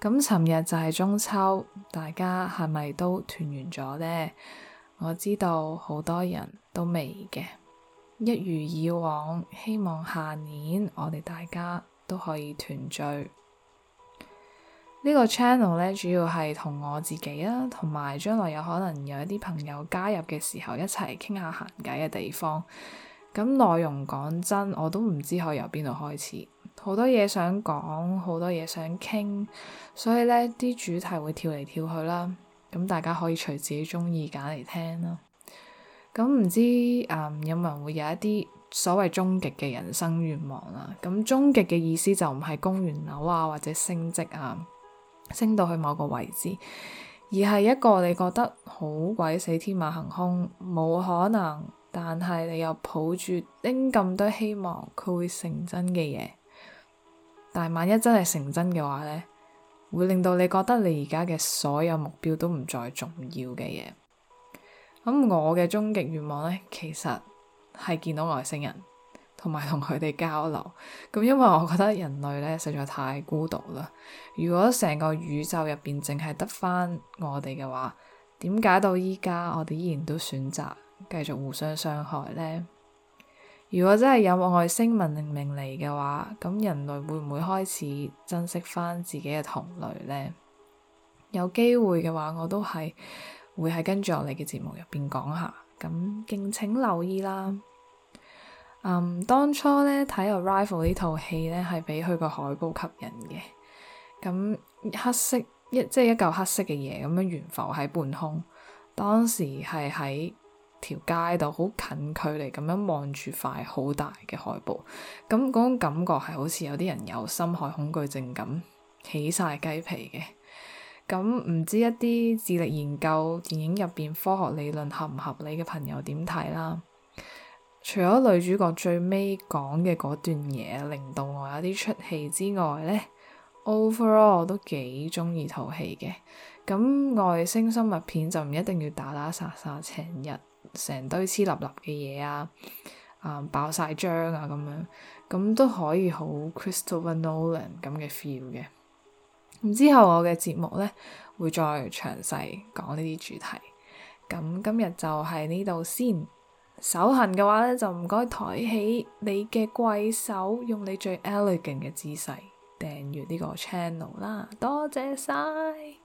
咁尋日就係中秋，大家係咪都團圓咗呢？我知道好多人都未嘅，一如以往，希望下年我哋大家都可以團聚。呢個 channel 咧，主要係同我自己啊，同埋將來有可能有一啲朋友加入嘅時候，一齊傾下閒偈嘅地方。咁內容講真，我都唔知可以由邊度開始。好多嘢想講，好多嘢想傾，所以咧啲主題會跳嚟跳去啦。咁大家可以隨自己鍾意揀嚟聽啦。咁唔知有冇人會有一啲所謂終極嘅人生願望啦？咁終極嘅意思就唔係供完樓啊，或者升職啊，升到去某個位置，而係一個你覺得好鬼死天馬行空冇可能，但係你又抱住丁咁多希望佢會成真嘅嘢。但係萬一真係成真嘅話呢，會令到你覺得你而家嘅所有目標都唔再重要嘅嘢。咁我嘅終極願望呢，其實係見到外星人，同埋同佢哋交流。咁因為我覺得人類呢，實在太孤獨啦。如果成個宇宙入邊淨係得翻我哋嘅話，點解到依家我哋依然都選擇繼續互相傷害呢？如果真係有外星文明嚟嘅話，咁人類會唔會開始珍惜翻自己嘅同類呢？有機會嘅話，我都係會喺跟住我哋嘅節目入邊講下，咁敬請留意啦。嗯，當初咧睇《Arrival》呢套戲咧，係畀佢個海報吸引嘅。咁黑色一即係一嚿黑色嘅嘢，咁樣懸浮喺半空。當時係喺。條街度好近距離這很，距離咁樣望住塊好大嘅海報，咁嗰種感覺係好似有啲人有深海恐懼症咁起晒雞皮嘅。咁唔知一啲致力研究電影入邊科學理論合唔合理嘅朋友點睇啦？除咗女主角最尾講嘅嗰段嘢，令到我有啲出戲之外咧，overall 我都幾鍾意套戲嘅。咁外星生物片就唔一定要打打殺殺、請日。成堆黐立立嘅嘢啊，嗯、爆晒漿啊咁樣，咁都可以好 Crystal Vanilla 咁嘅 feel 嘅。咁之後我嘅節目咧，會再詳細講呢啲主題。咁、嗯、今日就喺呢度先。手痕嘅話咧，就唔該抬起你嘅貴手，用你最 elegant 嘅姿勢訂閱呢個 channel 啦。多謝晒。